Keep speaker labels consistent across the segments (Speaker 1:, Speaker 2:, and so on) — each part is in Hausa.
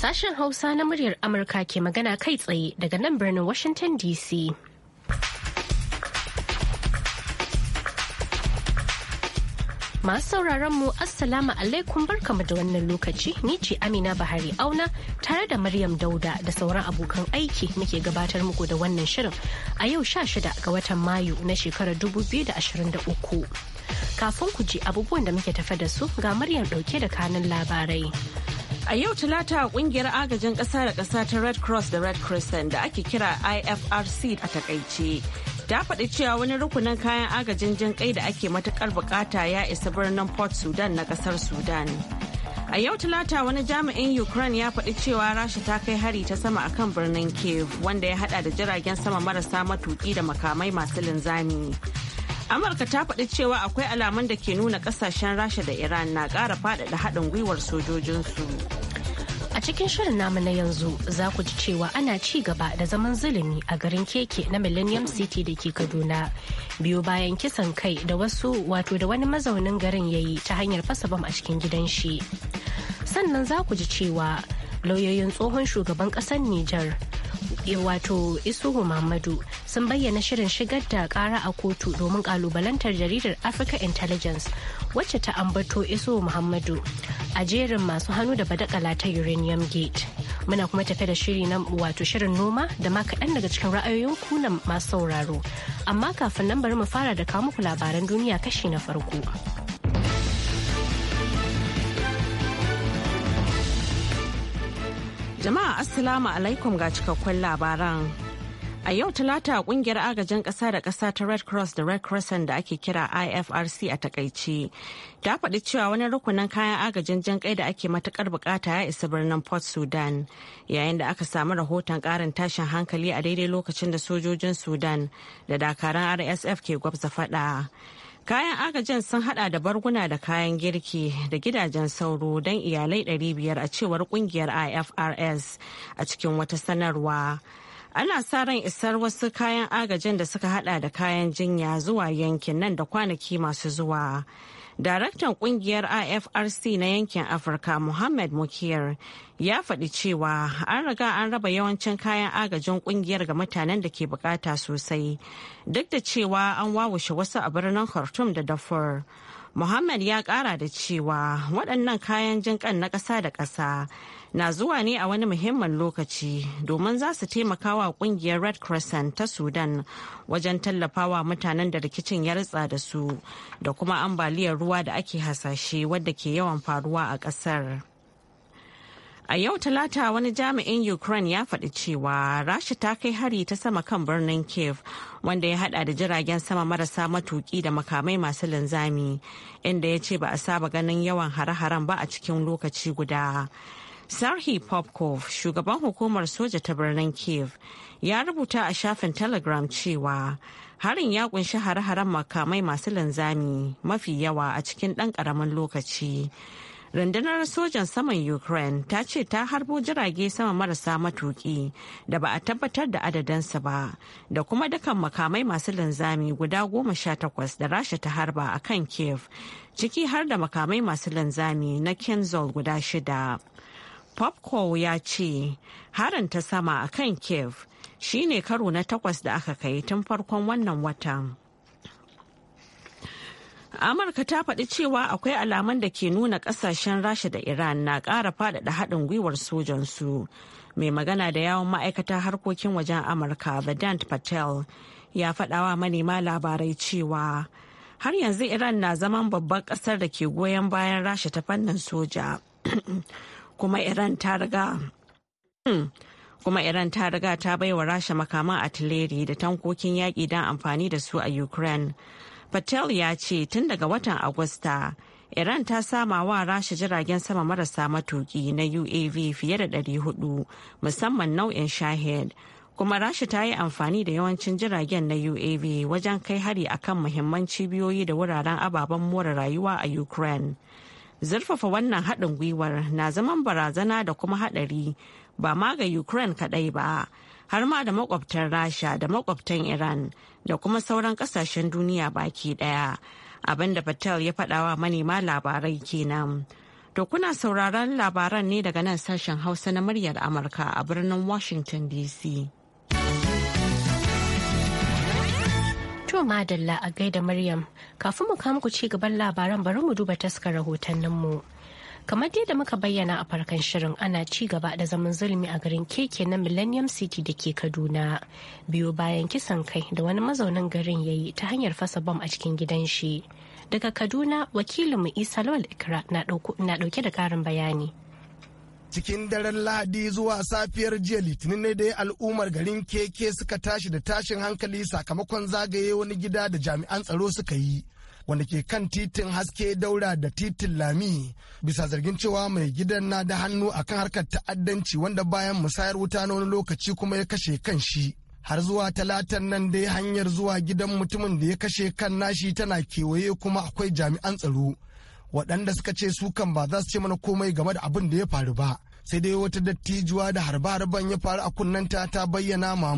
Speaker 1: Sashen Hausa na muryar Amurka ke magana kai tsaye daga nan birnin Washington DC. Masu sauraron mu Assalamu alaikum barkamu da wannan lokaci ni ce Amina Bahari Auna tare da Maryam Dauda da sauran abokan aiki muke gabatar muku da wannan shirin a yau shida ga watan Mayu na shekarar 2023. Kafin ku ji
Speaker 2: abubuwan da muke tafe da su ga Maryam dauke
Speaker 1: da kanun labarai. A yau
Speaker 2: talata kungiyar agajin ƙasa da ƙasa ta Red Cross da Red Crescent da ake kira IFRC a takaice. Ta faɗi cewa wani rukunin kayan agajin jin kai da ake matukar bukata ya isa birnin Port Sudan na ƙasar Sudan. A yau talata wani jami'in Ukraine ya faɗi cewa Rasha ta kai hari ta sama akan birnin Kiev wanda ya haɗa da jiragen sama marasa matuƙi da makamai masu linzami. amurka ta faɗi cewa akwai alamun da ke nuna ƙasashen rasha da iran na ƙara faɗaɗa haɗin gwiwar sojojinsu. A cikin
Speaker 1: shirin namu na yanzu za ku ji cewa ana ci gaba da zaman zulumi a garin keke na Millennium City da ke Kaduna. Biyu bayan kisan kai da wasu wato da wani mazaunin garin ya yi ta hanyar fasa bam a cikin gidan shi. Sannan za ku ji cewa lauyoyin tsohon shugaban ƙasar Nijar Eh, wato isuhu muhammadu sun bayyana shirin shigar da kara a kotu domin kalubalantar jaridar africa intelligence wacce ta ambato isuhu muhammadu a jerin masu hannu da badakala ta uranium gate muna kuma tafe da shiri na wato shirin noma da ma kaɗan daga cikin ra'ayoyin kuna masu sauraro amma kafin nan bari mu fara da kawo muku labaran duniya kashi na farko.
Speaker 2: Jama'a Assalamu alaikum ga cikakkun labaran. A yau talata kungiyar agajin ƙasa da ƙasa ta Red Cross da Red Crescent da ake kira IFRC a takaice ta faɗi cewa wani rukunin kayan agajin jan kai da ake matukar bukata ya isa birnin Port Sudan yayin da aka samu rahoton ƙarin tashin hankali a daidai lokacin da sojojin Sudan da dakaran RSF ke gwabza faɗa. Kayan agajin sun hada da barguna da kayan girki da gidajen sauro don iyalai 500 a cewar kungiyar IFRS a cikin wata sanarwa. Ana sa ran isar wasu kayan agajin da suka hada da kayan jinya zuwa yankin nan da kwanaki masu zuwa. Daraktan kungiyar IFRC na yankin Afirka Muhammad Mukir, ya faɗi cewa an riga an raba yawancin kayan agajin kungiyar ga mutanen da ke bukata sosai duk da cewa an wawushe wasu a birnin Khartoum da Darfur. Muhammad ya kara da cewa waɗannan kayan jinƙan na ƙasa da ƙasa na zuwa ne a wani muhimmin lokaci domin za su taimaka wa ƙungiyar Red Crescent ta Sudan wajen tallafawa mutanen da rikicin ya ritsa da su da kuma ambaliyar ruwa da ake hasashe wadda ke yawan faruwa a ƙasar. A yau Talata wani jami'in Ukraine ya faɗi cewa Rasha ta kai hari ta sama kan birnin Kiev wanda ya hada da jiragen sama marasa matuki da makamai masu linzami inda ya ce ba a saba ganin yawan hare-haren ba a cikin lokaci guda. Sarhi Popkov, shugaban hukumar soja ta birnin Kiev, ya rubuta a shafin Telegram cewa harin ya kunshi hare-haren makamai masu linzami mafi yawa a cikin ɗan ƙaramin lokaci. rundunar sojan saman ukraine ta ce ta harbo jirage sama marasa matuki da ba a tabbatar da adadansa ba da kuma dukan makamai masu linzami guda goma sha takwas da rasha ta harba a kan kiev ciki har da makamai masu linzami na kenzol guda shida popko ya ce harin ta sama a kan kiev shine karo na takwas da aka kai tun farkon wannan watan amurka ta faɗi cewa akwai alaman da ke nuna ƙasashen rasha da iran na ƙara faɗaɗa haɗin gwiwar sojansu mai magana da yawon ma'aikata harkokin wajen amurka vedant patel ya faɗawa manema labarai cewa har yanzu iran na zaman babban ƙasar da ke goyon bayan rasha ta fannin soja kuma iran ta riga ta ta baiwa rasha makaman atileri da tankokin yaƙi don amfani da su a ukraine patel ya ce tun daga watan agusta iran ta sama wa rasha jiragen sama marasa matuki na uav fiye da 400 musamman nau'in shahid kuma rasha ta yi amfani da yawancin jiragen na uav wajen kai hari akan muhimman cibiyoyi da wuraren ababen more rayuwa a ukraine zurfafa wannan haɗin gwiwar na zaman barazana da kuma haɗari ba ma ga ukraine kaɗai ba har ma da makwabtan rasha da makwabtan iran da kuma sauran kasashen duniya baki daya abinda patel ya faɗawa manema labarai kenan to kuna sauraron labaran ne daga nan sashen hausa na muryar amurka a birnin washington dc
Speaker 1: To madalla a gaida Maryam, kafin mu kamu ku ci gaban labaran bari mu duba taskar rahotanninmu. mu. kamar dai da muka bayyana a farkon shirin ana ci gaba da zaman zulmi a garin keke na millennium city da ke kaduna biyu bayan kisan kai da wani mazaunin garin ya yi ta hanyar fasa bom a cikin gidan shi daga kaduna wakilinmu isa lawal ikra na dauke da karin bayani
Speaker 3: cikin daren lahadi zuwa safiyar jiya litinin ne dai al'ummar garin keke suka tashi da tashin hankali sakamakon zagaye wani gida da jami'an tsaro suka yi wanda ke kan titin haske daura da titin lami bisa zargin cewa mai gidan na da hannu akan harkar ta'addanci wanda bayan musayar wuta na wani lokaci kuma ya kashe kan shi har zuwa talatan nan dai hanyar zuwa gidan mutumin da ya kashe kan nashi tana kewaye kuma akwai jami'an tsaro waɗanda suka ce su kan ba za su ce mana komai game da abin da ya faru ba sai dai wata dattijuwa da harba-harban ya faru a kunnanta ta bayyana ma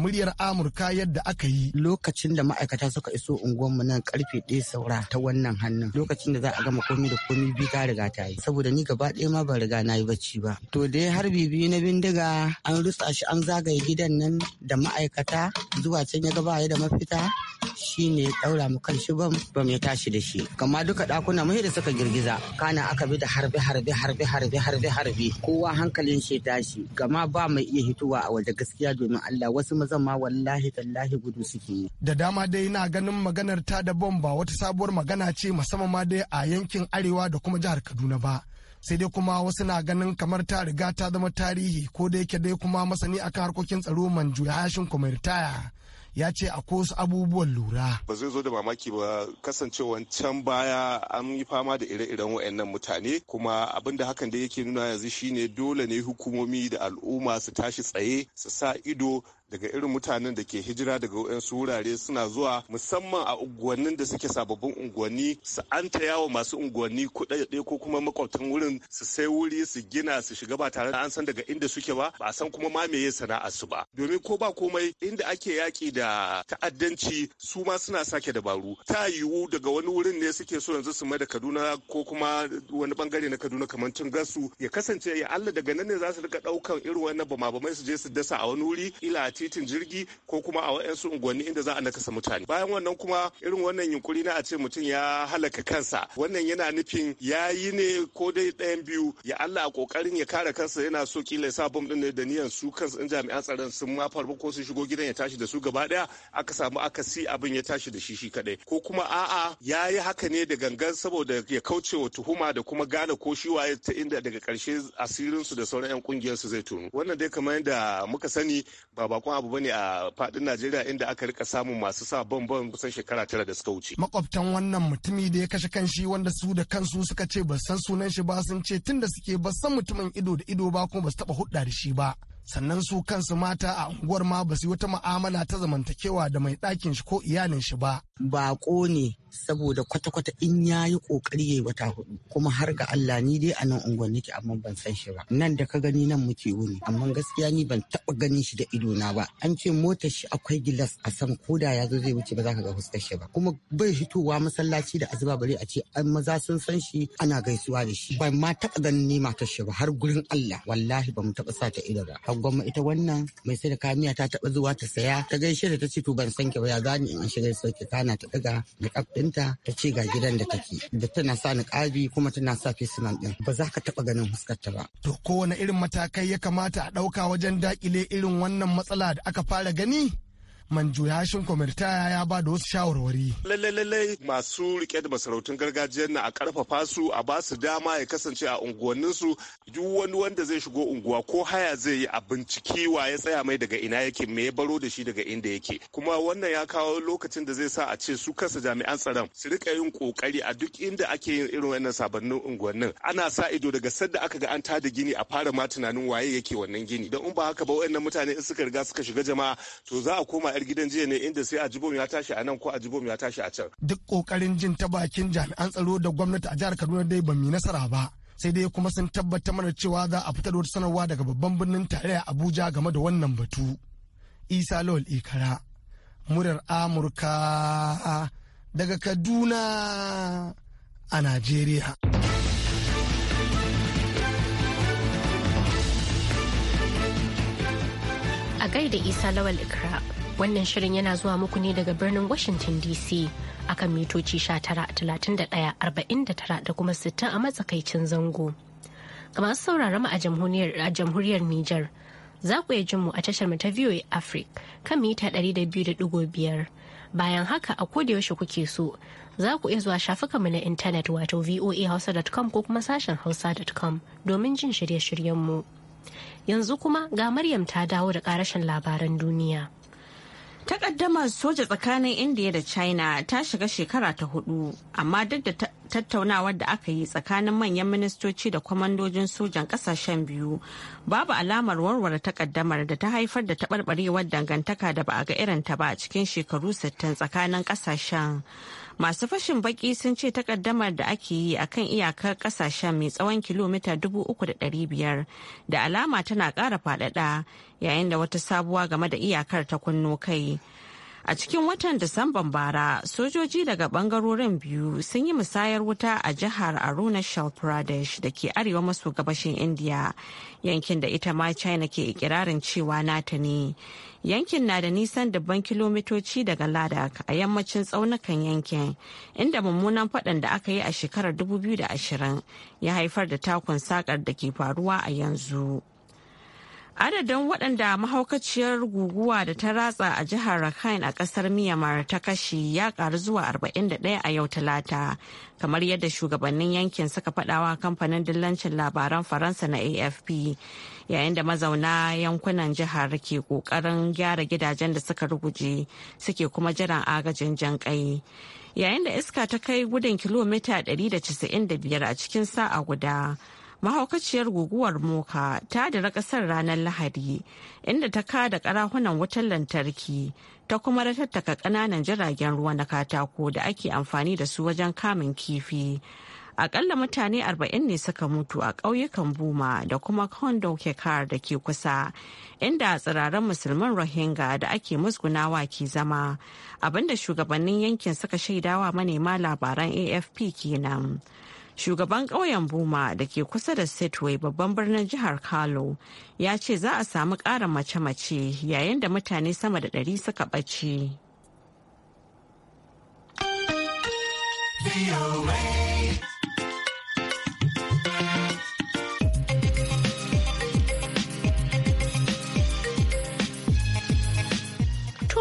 Speaker 3: amurka yadda aka yi
Speaker 4: lokacin da ma'aikata suka iso unguwanmu nan karfe ɗaya saura ta wannan hannun lokacin da za a gama komi da komi biyu ta riga ta yi saboda ni gaba ɗaya ma ban riga na yi bacci ba to dai har bibi na bindiga an rusa shi an zagaye gidan nan da ma'aikata zuwa can ya gaba ya da mafita shi ne ya daura mu kan shi bam bam ya tashi da shi kama duka dakuna mu da suka girgiza kana aka bi da harbe harbe harbe harbe harbe harbe kowa hankalin shi tashi gama ba mai iya hituwa a waje gaskiya domin Allah wasu mu ma wallahi tallahi gudu suke
Speaker 3: da dama dai na ganin maganar ta da bom ba wata sabuwar magana ce musamman ma dai a yankin arewa da kuma jihar Kaduna ba sai dai kuma wasu na ganin kamar ta riga ta zama tarihi ko da yake dai kuma masani akan harkokin tsaro manju ya hashin kuma ritaya ya ce akwai wasu abubuwan lura.
Speaker 5: Ba zai zo da mamaki ba kasancewan can baya an yi fama da ire-iren waɗannan mutane kuma abin da hakan da yake nuna yanzu shine dole ne hukumomi da al'umma su tashi tsaye su sa ido daga irin mutanen da ke hijira daga wayansu wurare suna zuwa musamman a unguwannin da suke sababbin unguwanni su an yawa masu unguwanni kuɗaɗe ko kuma makwabtan wurin su sai wuri su gina su shiga ba tare da an san daga inda suke ba ba a san kuma ma meye sana'a su ba domin ko ba komai inda ake yaƙi da ta'addanci su ma suna sake dabaru ta yiwu daga wani wurin ne suke so yanzu su mai da Kaduna ko kuma wani bangare na Kaduna kamar tun gasu ya kasance ya Allah daga nan ne za su rika ɗaukan irin wannan bama-bamai su je su dasa a wani wuri ila titin jirgi ko kuma a wa'yansu unguwanni inda za a nakasa mutane bayan wannan kuma irin wannan yunkuri na a ce mutum ya halaka kansa wannan yana nufin ya yi ne ko dai ɗayan biyu ya Allah a kokarin ya kare kansa yana so kila ya sa bom din da niyan su kansu in jami'an tsaron sun ma farko ko sun shigo gidan ya tashi da su gaba daya aka samu aka si abin ya tashi da shi shi kadai ko kuma a'a ya yi haka ne da gangan saboda ya kauce wa tuhuma da kuma gane ko shi waye ta inda daga karshe asirinsu su da sauran yan kungiyar su zai tunu wannan dai kamar yadda muka sani ba bakon sabon abu bane a fadin Najeriya inda aka rika samun masu sa bambam kusan shekara tara da suka wuce.
Speaker 3: Makwabtan wannan mutumi da ya kashe kanshi wanda su da kansu suka ce ba san sunan shi ba sun ce tunda suke ba san mutumin ido da ido ba kuma ba su taba hudda da shi ba. sannan su kansu mata a unguwar ma ba su wata ma'amala ta zamantakewa da mai ɗakin shi ko iyalin shi ba.
Speaker 4: Bako ne saboda kwata-kwata in ya yi ƙoƙari ya yi wata hudu kuma har ga Allah ni dai a nan unguwar nake amma ban san shi ba. Nan da ka gani nan muke wuni amma gaskiya ni ban taɓa ganin shi da ido na ba. An ce mota shi akwai gilas a sama ko da ya zo zai wuce ba za ka ga fuskar shi ba. Kuma bai fitowa masallaci da azuba bare a ce an maza sun san shi ana gaisuwa da shi. Ban ma taɓa ganin ni matar shi ba har gurin Allah wallahi ba mu taɓa sa ta ido ba. gwamma ita wannan mai sai da kamiya ta taɓa zuwa ta saya ta gaishe da ta ce to ban san ki ba ya zani in shiga sauki kana ta daga ga ɗinta ta ce ga gidan da take da tana sa ni kabi kuma tana sa sunan din. ba za ka taɓa ganin fuskarta ba.
Speaker 3: To kowane irin matakai ya kamata a ɗauka wajen dakile irin wannan matsala da aka fara gani? manjuyashin kwamitaya ya ba da wasu shawarwari.
Speaker 5: Lallai masu rike da masarautun gargajiyar na a karfafa su a ba su dama ya kasance a unguwanninsu duk wani wanda zai shigo unguwa ko haya zai yi a binciki wa ya tsaya mai daga ina yake me ya baro da shi daga inda yake kuma wannan ya kawo lokacin da zai sa a ce su kansa jami'an tsaron su rika yin kokari a duk inda ake yin irin wannan sabannin unguwannin ana sa ido daga sadda aka ga an tada gini a fara ma tunanin waye yake wannan gini don in ba haka ba wayannan mutane in suka riga suka shiga jama'a to za a koma jama'ar gidan jiya ne inda sai a ji ya tashi a nan ko a ji ya tashi a can.
Speaker 3: Duk kokarin jin ta bakin jami'an tsaro da gwamnati a jihar Kaduna dai ba mu nasara ba. sai dai kuma sun tabbatar mana cewa za a fitar da wata sanarwa daga babban birnin tarayya Abuja game da wannan batu. Isa Lawal Ikara, murar Amurka daga Kaduna a Najeriya.
Speaker 1: A gaida Isa Lawal Ikara. Wannan shirin yana zuwa muku ne daga birnin Washington DC akan mitoci 19,31,49 da kuma 60 a matsakaicin zango. Ga masu sauraron mu a jamhuriyar Nijar, za ku iya jin mu a tashar mu ta VOA Africa kan mita 200.5. Bayan haka a yaushe kuke so, za ku iya zuwa shafukanmu na intanet wato voahausa.com ko kuma sashen hausa.com domin jin shirye-shiryenmu. Yanzu kuma ga Maryam ta dawo da karashin labaran duniya.
Speaker 2: Takaddamar soja tsakanin India da China ta shiga shekara ta hudu, amma duk da tattaunawar da aka yi tsakanin manyan ministoci da kwamandojin sojan kasashen biyu, babu alamar warware takaddamar da ta haifar da taɓarɓarewar dangantaka da ba a ga irinta ba a cikin shekaru 60 tsakanin kasashen. masu fashin baki sun ce takaddamar da ake yi a kan iyakar kasashen mai tsawon kilomita 3,500 da alama tana kara fadada yayin da wata sabuwa game da iyakar ta kunno kai A cikin watan Disamban bara, sojoji daga bangarorin biyu sun yi musayar wuta a jihar Arunachal Pradesh da ke arewa maso gabashin India, yankin da ita ma China ke ikirarin cewa nata ne. Yankin na da nisan dabban kilomitoci daga Ladakh a yammacin tsaunukan yankin, inda mummunan faɗan da aka yi a shekarar 2020 ya haifar da takun sakar da ke faruwa a yanzu. Adadin waɗanda mahaukaciyar guguwa da ta ratsa a jihar Rakhine a ƙasar Myanmar ta kashe ya ƙaru zuwa 41 a yau Talata, kamar yadda shugabannin yankin suka faɗawa kamfanin dillancin labaran Faransa na AFP, yayin da mazauna yankunan jihar ke ƙoƙarin gyara gidajen da suka ruguje suke kuma jiran agajin jan ƙai. Yayin da iska ta kai gudun kilomita 195 a cikin sa'a guda. mahaukaciyar guguwar moka ta dira kasar ranar lahadi inda ta kada karahunan wutar lantarki ta kuma ratattaka kananan jiragen ruwa na katako da ake amfani da su wajen kamun kifi akalla mutane 40 ne suka mutu a ƙauyukan buma da kuma kondo kekar da ke kusa inda tsiraran musulman rohingya da ake musgunawa ke zama abinda shugabannin yankin suka shaidawa manema labaran afp kenan shugaban ƙauyen buma da ke kusa da setway babban birnin jihar kalo ya ce za a samu ƙarin mace-mace yayin da mutane sama da ɗari suka ɓace.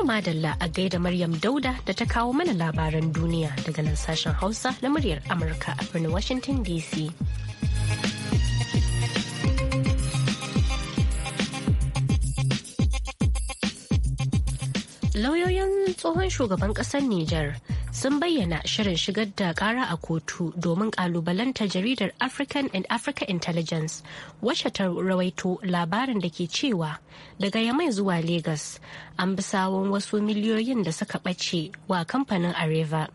Speaker 1: To Madalla a gaida Maryam Dauda da ta kawo mana labaran duniya daga nan sashen Hausa na muryar Amurka a birnin Washington DC. Lauyoyin tsohon shugaban ƙasar Nijar sun bayyana shirin shigar da kara a kotu domin kalubalanta jaridar African and Africa Intelligence wacce ta rawaito labarin da ke cewa daga Yamai zuwa Legas an bi sawon wasu miliyoyin da suka ɓace wa kamfanin Areva.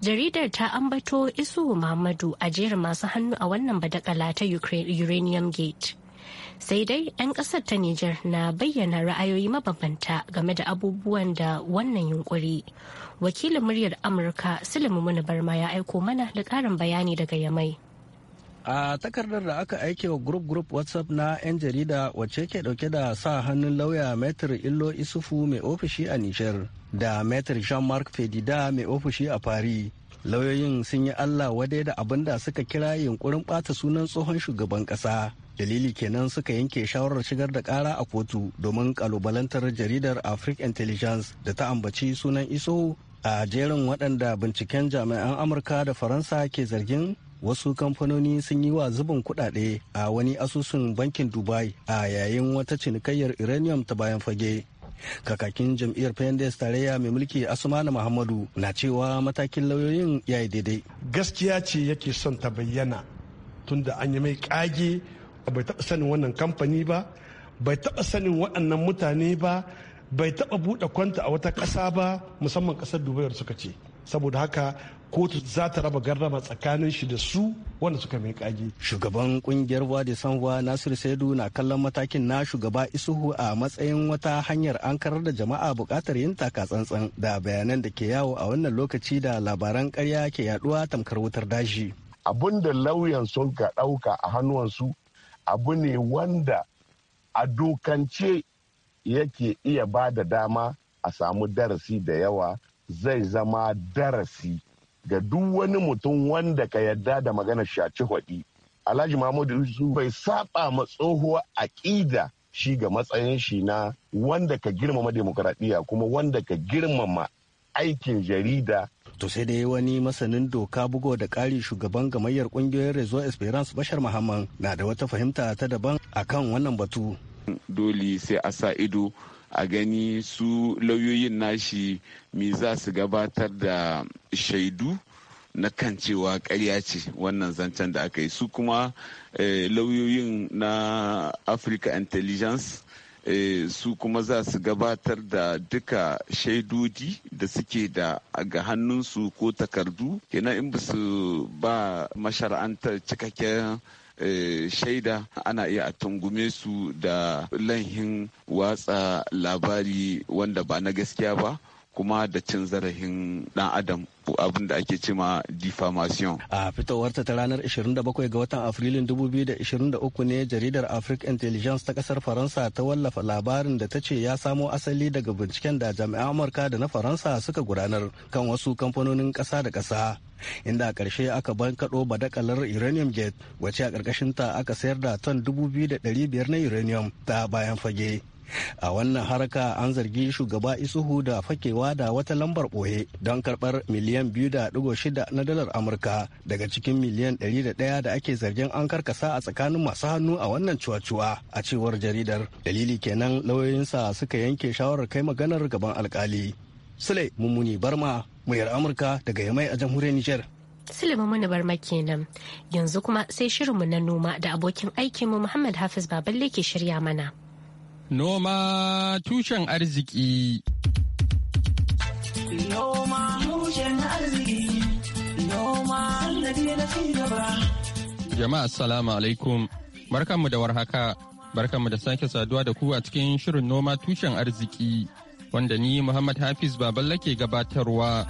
Speaker 1: Jaridar ta ambato Isu Muhammadu a jerin masu hannu a wannan badakala ta Uranium Gate. sai dai 'yan kasar ta Nijar na bayyana ra'ayoyi mabambanta game da abubuwan da wannan yunkuri. Wakilin muryar Amurka Sulemu Barma ya aiko mana da ƙarin bayani daga Yamai.
Speaker 6: A takardar da aka aike wa Group Group WhatsApp na 'yan jarida wacce ke dauke da sa hannun lauya Metr Illo Isufu mai ofishi a Nijar da metri Jean-Marc Fedida mai ofishi a Paris lauyoyin sun yi allah wadai da abin da suka kira yunkurin ɓata sunan tsohon shugaban ƙasa dalili kenan suka yanke shawarar shigar da ƙara a kotu domin kalubalantar jaridar afric intelligence da ta ambaci sunan iso a jerin waɗanda binciken jami'an amurka da faransa ke zargin wasu kamfanoni sun yi wa zubin kuɗaɗe a wani asusun bankin dubai a yayin wata cinikayyar uranium ta bayan fage kakakin jam'iyyar pendes tarayya mai mulki asmana muhammadu na cewa matakin lauyoyin ya yi daidai gaskiya ce yake son ta bayyana tunda an yi mai kage bai taɓa sanin wannan kamfani ba bai taɓa sanin waɗannan mutane ba bai taɓa buɗe kwanta a wata ƙasa ba musamman ƙasar dubai suka ce saboda haka kotu za ta raba gardama tsakanin shi da su wanda suka mai kage. Shugaban kungiyar Wadi Sanwa Nasiru Saidu na kallon matakin na shugaba Isuhu a matsayin wata hanyar an karar da jama'a bukatar yin taka tsantsan da bayanan da ke yawo a wannan lokaci da labaran karya ke yaduwa tamkar wutar daji. Abun da lauyan sun ka dauka a hannuwansu abu ne wanda a
Speaker 5: dokance yake iya ba da dama a samu darasi da yawa zai zama darasi ga duk wani mutum wanda ka yarda da maganar shaci hwaɗi alhaji mahmudu yusuf bai saba ma a aƙida shi ga matsayin shi na wanda ka girmama demokradiyya kuma wanda ka girmama
Speaker 6: aikin jarida to sai dai wani masanin doka bugo da ƙari shugaban gamayyar ƙungiyoyin rezo esperance bashar muhammad na da wata fahimta ta daban akan wannan batu
Speaker 5: doli sai a sa ido a gani su lauyoyin nashi me za su gabatar da shaidu na kan cewa karya ce wannan zancen da aka yi su kuma eh, lauyoyin na africa intelligence eh, su kuma za su gabatar da duka shaidodi da suke da ga hannunsu ko takardu kenan in ba su ba mashara'antar cikakken Eh, shaida ana iya a tungume su da lahin watsa labari wanda ba na gaskiya ba kuma da cin zarafin dan adam abin da ake cima defamation.
Speaker 6: A fitowarta ta ranar 27 ga watan Afrilun 2023 ne jaridar Africa Intelligence ta kasar Faransa ta wallafa labarin da ta ce ya samo asali daga binciken da jami'an Amurka da na Faransa suka gudanar kan wasu kamfanonin ƙasa da ƙasa inda a ƙarshe aka bankaɗo badakalar uranium gate wacce a ta aka sayar da ton 2,500 na uranium ta bayan fage. a wannan haraka an zargi shugaba isuhu da fakewa da wata lambar ɓoye don karɓar miliyan biyu da digo na dalar amurka daga cikin miliyan ɗari da ɗaya da ake zargin an karkasa a tsakanin masu hannu a wannan cuwa-cuwa a cewar jaridar dalili kenan lauyoyinsa suka yanke shawarar kai maganar gaban alkali sule mummuni barma muryar amurka daga yamai a jamhuriyar nijar
Speaker 1: Sulaiman Muni Barma kenan yanzu kuma sai shirinmu na noma da abokin aikinmu Muhammad Hafiz Baballe ke shirya mana.
Speaker 7: Noma tushen arziki.
Speaker 6: Noma tushen arziki. Noma
Speaker 7: Jama'a assalamu alaikum. Barkanmu da warhaka. Barkanmu da sake saduwa da ku a cikin shirin noma tushen arziki. wanda ni Muhammad Hafiz Baballa ke gabatarwa.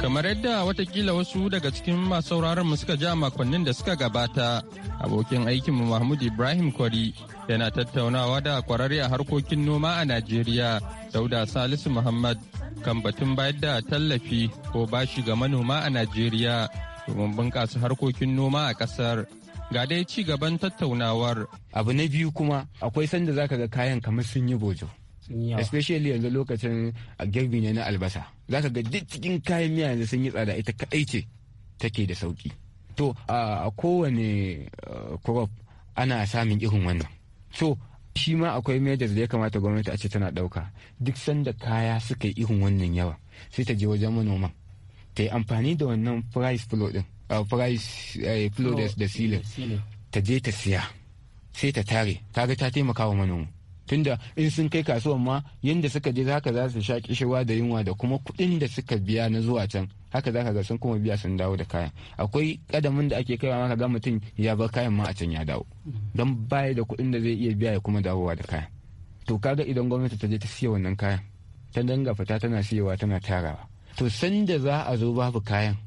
Speaker 7: Kamar yadda watakila wasu daga cikin masu mu suka ja makonnin da suka gabata, abokin aikinmu Mahmud Ibrahim Kwari yana tattaunawa da kwararre a harkokin noma a Najeriya, Dauda Salisu Muhammad kan batun bayar da tallafi ko bashi ga manoma a Najeriya domin bunƙasa harkokin noma a ƙasar. ga dai ci gaban tattaunawar. Abu na biyu kuma akwai sanda za ka ga kayan kamar sun yi bojo.
Speaker 8: especially yanzu lokacin a girbi ne na albasa za ka ga duk cikin kayan miya yanzu sun yi tsada ita kaɗai ce take da sauki to a kowane crop ana samun irin wannan so shi ma akwai mejas da ya kamata gwamnati a ce tana ɗauka duk sanda kaya suka yi irin wannan yawa sai ta je wajen manoman ta yi amfani da wannan price flow din Uh, price eh, flow da silin ta je ta siya sai ta tare kaga ta taimaka wa manomi tunda in sun kai kasuwan ma yadda suka je haka za su sha kishirwa da yunwa da kuma kuɗin da suka biya na zuwa can haka za ka ga sun kuma biya sun dawo da kayan akwai kadamin da ake kaiwa maka ga mutum ya bar kayan ma a can ya dawo mm-hmm. don baya da kuɗin da zai iya biya ya kuma dawowa da kayan to kaga idan gwamnati ta je ta siya wannan kayan ta danga fita tana siyawa tana tarawa to sanda za a zo babu kayan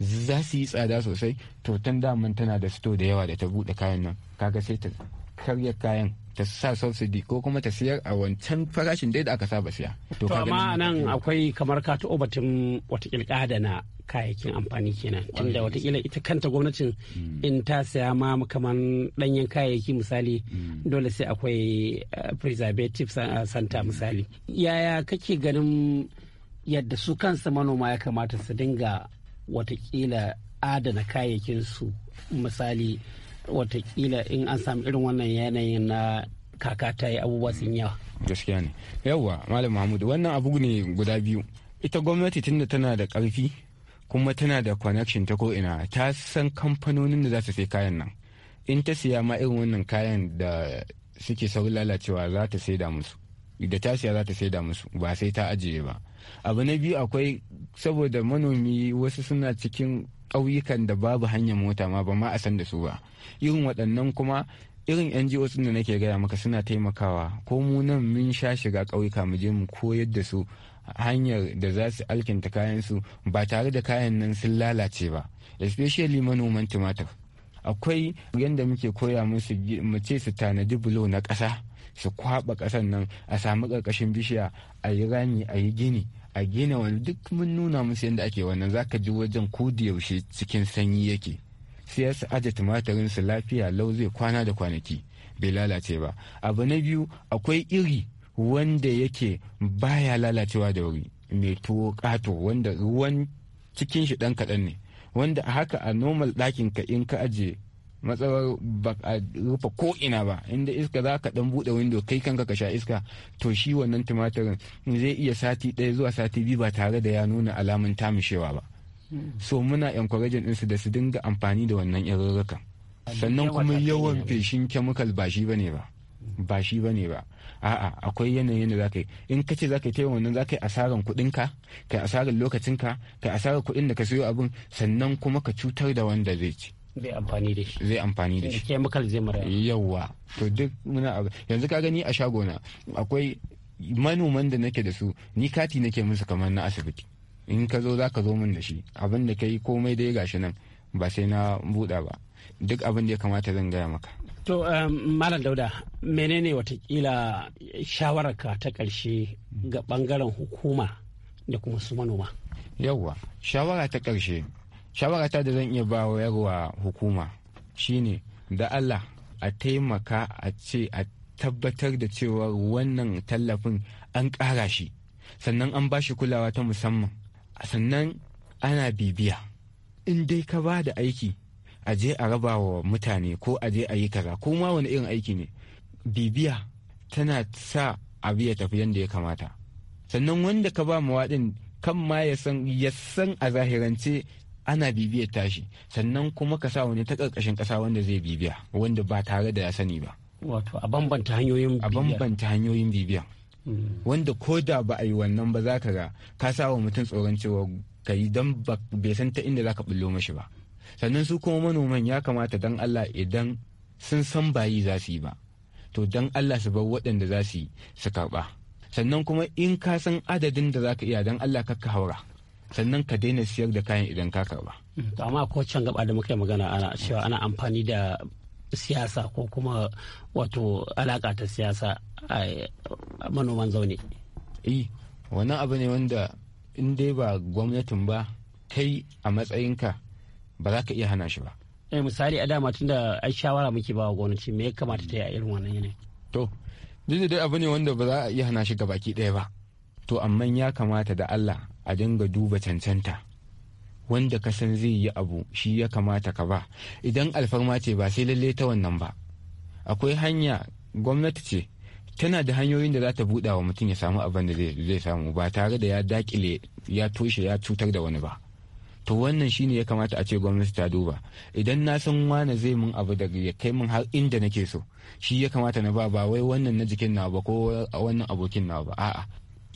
Speaker 8: za su yi tsada sosai to tun daman tana da sito da yawa da ta buɗe kayan nan kaga sai ta karya kayan ta sa subsidy ko kuma ta siyar a wancan farashin dai da aka saba siya. To amma
Speaker 9: nan akwai kamar ka taɓo batun watakila na kayayyakin amfani kenan tunda watakila ita kanta gwamnatin hmm. in ta saya ma kamar ɗanyen kayayyaki misali hmm. dole sai akwai eh, preservative santa eh, misali. Yaya kake ganin yadda su kansa manoma ya kamata su dinga watakila adana kayayyakin su misali watakila in an samu irin wannan yanayin
Speaker 8: na kaka ta yi abubuwa sun yawa. gaskiya ne yawwa malam Mahmud, wannan abu ne guda biyu ita gwamnati tunda tana da karfi kuma tana da connection ta ko'ina ta san kamfanonin da za su sai kayan nan in ta siya ma irin wannan kayan da suke saurin lalacewa za ta saida musu da ta siya za ta saida musu ba sai ta ajiye ba abu na biyu akwai saboda manomi wasu suna cikin ƙauyukan da babu hanyar mota ma ba ma a san da su ba irin waɗannan kuma irin NGOs da nake gaya maka suna taimakawa ko mu nan mun sha shiga ƙauyuka mu je mu koyar da su hanyar da za su alkinta kayan su ba tare da kayan nan sun lalace ba especially manoman tumatir akwai yadda muke koya musu mu ce su tanadi bulo na ƙasa su kwaba ƙasan nan a samu ƙarƙashin bishiya a yi rami a yi gini a gina wani duk mun nuna musu yadda ake wannan za ka ji wajen ko da yaushe cikin sanyi yake sai ya aje tumatirin su lafiya lau zai kwana da kwanaki bai lalace ba abu na biyu akwai iri wanda yake baya lalacewa da wuri mai tuwo kato wanda ruwan cikin shi dan kaɗan ne wanda haka a normal ɗakin ka in ka aje matsalar ba a rufe ko ina ba inda iska za ka dan bude windo kai kanka ka sha iska to shi wannan tumatirin zai iya sati ɗaya zuwa sati biyu ba tare da ya nuna alamun tamishewa ba hmm. so muna encouraging ɗinsu da su dinga amfani da wannan irurrukan sannan kuma yawan feshin chemical ba shi bane ba ba shi bane ba a'a akwai yanayin da za ka yi in ka ce za ka yi taimaka wannan za ka yi asarar kuɗinka ka yi asarar lokacinka ka yi asarar kuɗin da ka sayo abin sannan kuma ka cutar da wanda zai ci zai amfani da shi zai da shi zai mara yawa to duk muna yanzu ka gani a shagona akwai manoman da nake da su ni kati nake musu kamar na asibiti in ka zo za ka zo min da shi abin da kai komai dai gashi nan ba sai na buɗa ba duk abin da ya kamata zan gaya maka
Speaker 9: to um, malam dauda menene watakila shawararka ta ƙarshe ga bangaren hukuma
Speaker 8: da kuma su manoma yawa shawara ta karshe. shawarata da zan iya ba wa yarwa hukuma shine da allah a taimaka a ce a tabbatar da cewa wannan tallafin an ƙara shi sannan an ba shi kulawa ta musamman sannan ana bibiya in dai ka ba da aiki a je a raba wa mutane ko a je a yi kaza ko ma wani irin aiki ne bibiya tana sa abu ya tafi yadda ya kamata sannan wanda ka ba mawaɗin kan ma ya san a zahirance ana bibiya tashi sannan kuma ka sa wani ta ƙarƙashin ƙasa wanda zai bibiya wanda ba tare da ya sani ba wato a bambanta hanyoyin bibiya. a bambanta hanyoyin bibiya hmm. wanda ko da ba a yi wannan ba za ka ga ka sa wa mutum tsoron cewa ka yi don bai san ta inda za ka bullo mashi ba sannan su kuma manoman ya kamata don allah idan sun san bayi za su yi ba to don allah su bar waɗanda za su yi su karɓa sannan kuma in ka san adadin da za ka iya don allah ka haura sannan ka daina siyar da kayan idan ka karba. Mm, to amma ko can
Speaker 9: gaba da muka magana ana cewa ana amfani da siyasa ko kuma wato
Speaker 8: alaka ta siyasa a manoman zaune. eh wani abu ne wanda in dai ba gwamnatin ba kai a matsayinka ba za ka iya hana shi ba.
Speaker 9: eh misali a dama tunda ai shawara muke ba wa gwamnati me ya kamata ta yi a irin wannan yanayi.
Speaker 8: to duk da dai abu ne wanda ba za a iya hana shi gabaki ɗaya ba to amma ya kamata da Allah a dinga duba cancanta wanda ka san zai yi abu shi ya kamata ka ba idan alfarma ce ba sai lalle ta wannan ba akwai hanya gwamnati ce tana da hanyoyin da za ta buɗa wa mutum ya samu abin da zai samu ba tare da ya dakile ya toshe ya cutar da wani ba to wannan shine ya kamata a ce gwamnati ta duba idan na san wane zai min abu da ya kai mun har inda nake so shi ya kamata na ba ba wai wannan na jikin nawa ba ko wannan abokin nawa ba a'a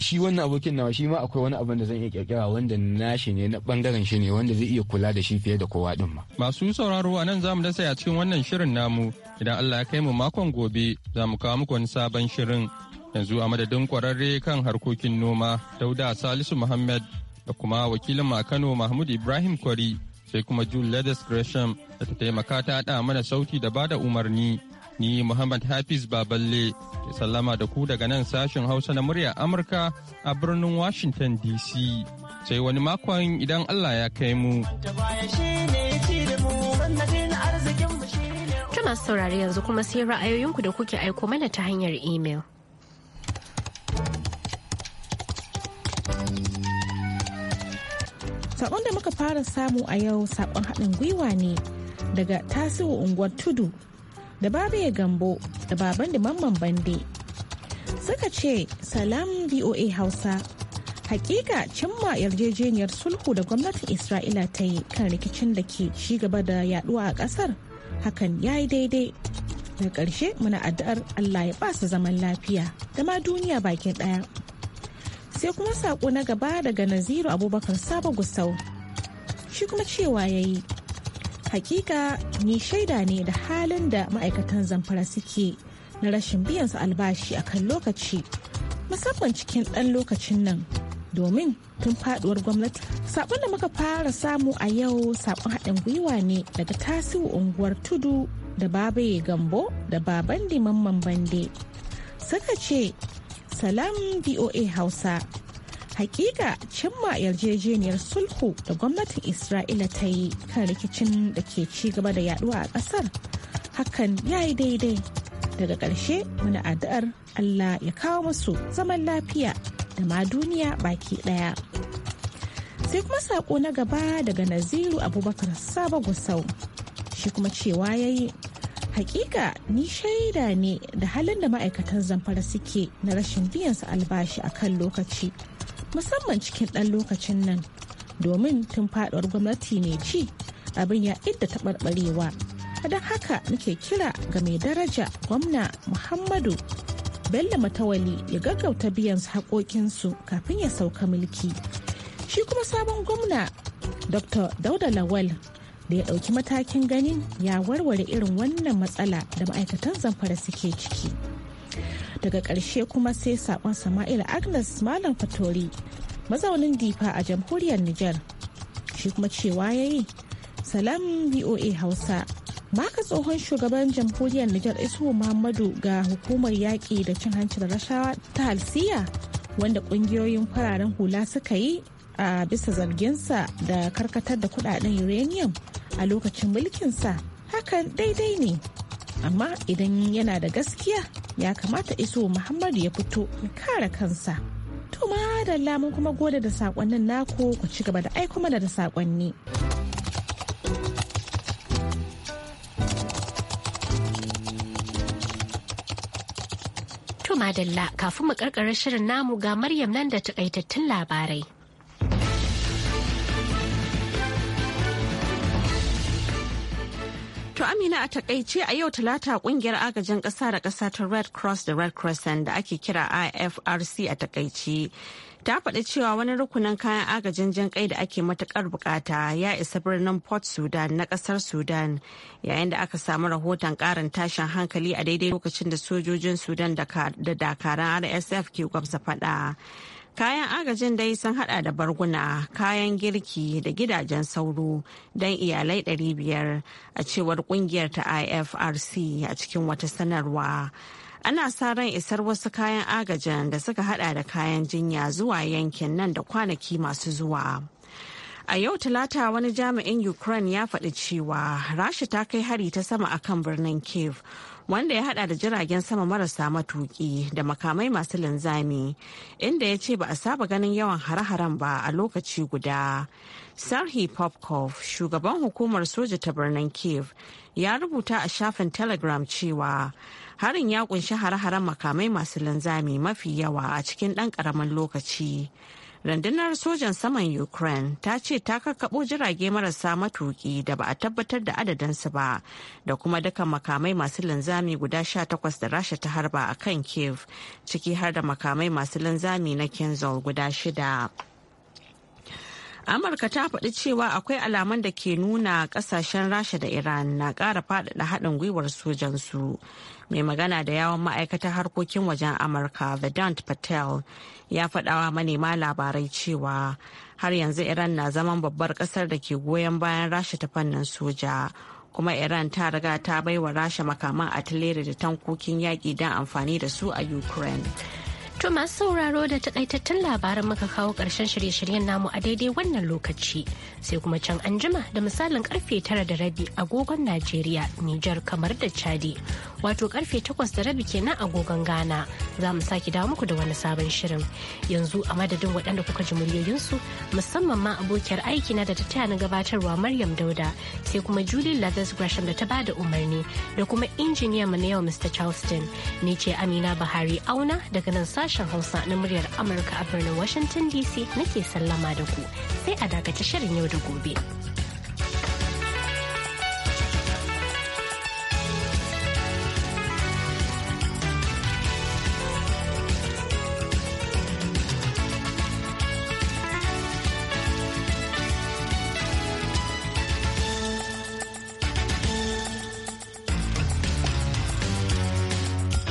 Speaker 8: shi wannan abokin nawa shi ma akwai wani abin da zan iya kirkira wanda na shi ne na bangaren shi ne wanda zai iya kula da shi fiye da kowa din
Speaker 7: ma. Masu sauraro a nan zamu dasa a cikin wannan shirin namu idan Allah ya kai mu makon gobe za mu kawo muku wani sabon shirin yanzu a madadin kwararre kan harkokin noma Dauda Salisu Muhammad da kuma wakilin mu a Kano Mahmud Ibrahim Kwari sai kuma june Ledes Gresham da ta taimaka ta haɗa mana sauti da bada umarni. Ni Muhammad Hafiz Baballe ke sallama da ku daga nan sashen Hausa na murya Amurka a birnin Washington DC. Sai wani makon idan Allah ya kai mu.
Speaker 1: Ta saurari yanzu kuma sai ra'ayoyinku da kuke aiko mana ta hanyar imel.
Speaker 10: Sakon da muka fara samu a yau sakon haɗin gwiwa ne daga tasiru unguwar tudu da ya gambo da baban da mamman bande suka ce salam voa hausa hakika cimma yarjejeniyar sulhu da gwamnatin isra'ila ta yi kan rikicin da ke ci gaba da yaduwa a kasar hakan ya yi daidai da ƙarshe muna addu'ar allah ya basu zaman lafiya da ma duniya bakin ɗaya sai kuma saƙo na gaba daga naziru abubakar sabo gusau shi kuma cewa ya yi Hakika ni shaida ne da halin da ma'aikatan zamfara suke na rashin biyan su albashi a kan lokaci musamman cikin ɗan lokacin nan domin tun faduwar gwamnati sabon da muka fara samu a yau sabon haɗin gwiwa ne daga tasiru unguwar tudu da babaye gambo da baban mamman bande suka ce salam voa hausa hakika cimma yarjejeniyar sulhu da gwamnatin isra'ila ta yi kan rikicin da ke ci gaba da yaduwa a kasar hakan ya yi daidai daga ƙarshe muna addu'ar allah ya kawo musu zaman lafiya da ma duniya baki ɗaya sai kuma sako na gaba daga naziru abubakar saba gusau shi kuma cewa ya yi hakika ni shaida ne da halin da ma'aikatan zamfara suke na rashin biyan su albashi a kan lokaci musamman cikin ɗan lokacin nan domin tun faɗuwar gwamnati ne ci abin ya idda taɓarɓarewa don haka muke kira ga mai daraja gwamna muhammadu bello matawali ya gaggauta biyan haƙoƙinsu kafin ya sauka mulki shi kuma sabon gwamna dr dauda lawal da ya ɗauki matakin ganin ya warware irin wannan matsala da ma'aikatan zamfara suke ciki daga ƙarshe kuma sai sakon sama'ila agnes malam fatori mazaunin difa a jamhuriyar niger shi kuma cewa ya yi salam voa hausa maka tsohon shugaban jamhuriyar niger isuhu muhammadu ga hukumar yaƙi da cin hanci rashawa ta halsiya wanda ƙungiyoyin fararen hula suka yi a bisa zarginsa da karkatar da kudaden uranium a lokacin mulkinsa hakan daidai ne amma idan yana da gaskiya ya kamata iso muhammadu ya fito ya kare kansa to madalla mun kuma gode da sakonnin naku ku ci gaba da aiko mana da sakonni
Speaker 1: to madalla kafin mu karkarar shirin namu ga maryam nan da takaitattun
Speaker 2: labarai To Amina a takaice a yau talata kungiyar agajin ƙasa da ƙasa ta Red Cross da Red Crescent da ake kira IFRC a takaice. ta faɗi cewa wani rukunin kayan agajin jan kai da ake matukar bukata ya isa birnin port sudan na ƙasar sudan yayin da aka samu rahoton ƙarin tashin hankali a daidai lokacin da sojojin sudan da dakaran rsf ke gwamsa faɗa Kayan agajin dai sun hada da barguna, kayan girki da gidajen sauro don iyalai 500 a cewar kungiyar ta IFRC a cikin wata sanarwa. Ana sa ran isar wasu kayan agajin da suka hada da kayan jinya zuwa yankin nan da kwanaki masu zuwa. A yau Talata wani jami'in Ukraine ya faɗi cewa Rasha ta kai hari ta sama akan birnin Kiev wanda ya hada da jiragen sama marasa matuki da makamai masu linzami inda ya ce ba a saba ganin yawan hare-haren ba a lokaci guda sarhi popkov shugaban hukumar soja ta birnin kiev ya rubuta a shafin telegram cewa harin ya kunshi hare-haren makamai masu linzami mafi yawa a cikin ɗan ƙaramin lokaci Rundunar sojan saman Ukraine ta ce ta kakkaɓo jirage marasa matuki da ba a tabbatar da adadinsu ba da kuma dukan makamai masu linzami guda 18 da rasha ta harba a kan Kiev ciki har da makamai masu linzami na Kenzol guda shida. amurka ta faɗi cewa akwai alaman da ke nuna ƙasashen rasha da iran na ƙara faɗaɗa haɗin gwiwar sojansu mai magana da yawon ma'aikatar harkokin wajen amurka vedant patel ya faɗawa manema labarai cewa har yanzu iran na zaman babbar ƙasar da ke goyon bayan rasha ta fannin soja kuma iran ta riga ta baiwa rasha makaman atileri da tankokin yaƙi don amfani da su a ukraine To masu sauraro da takaitattun labaran muka kawo
Speaker 1: karshen shirye-shiryen namu a daidai wannan lokaci sai kuma can anjima da misalin karfe tara da rabi agogon Najeriya, Nijar kamar da Chadi. Wato karfe takwas da rabi kenan agogon Ghana za mu sake dawo muku da wani sabon shirin. Yanzu a madadin waɗanda kuka ji muryoyinsu musamman ma abokiyar aiki na da ta taya na gabatarwa Maryam Dauda sai kuma Julie Lazarus Gresham da ta ba da umarni da kuma injiniya mu na yau Mr. Charleston. Ni ce Amina Bahari Auna daga nan sashen Hausa na muryar Amurka a birnin Washington DC nake sallama da ku sai a dakaci shirin yau da gobe.